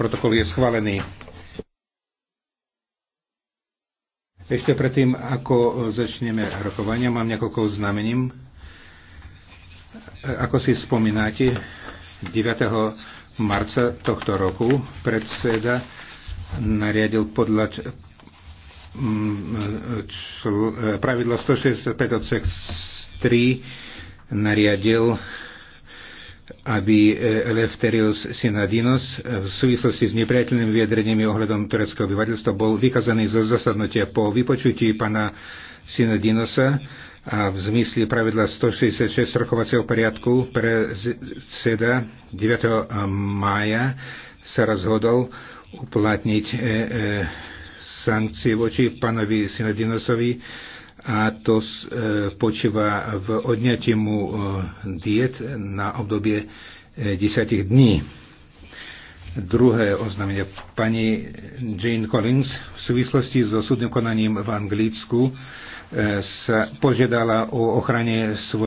Protokol je schválený. Ešte predtým, ako začneme rokovania, mám niekoľko znamením. Ako si spomínate, 9. marca tohto roku predseda nariadil podľa mm, pravidla 165 odsek 3 nariadil aby e, Eleftherios Sinadinos e, v súvislosti s nepriateľnými vyjadreniami ohľadom tureckého obyvateľstva bol vykazaný zo zasadnutia po vypočutí pana Sinadinosa a v zmysle pravidla 166 rokovacieho poriadku seda 9. E, mája sa rozhodol uplatniť sankcie voči pánovi Sinadinosovi a to e, počíva v odňatí mu e, diet na obdobie 10 e, dní. Druhé oznámenie pani Jane Collins v súvislosti so súdnym konaním v Anglicku sa požiadala o ochrane svojho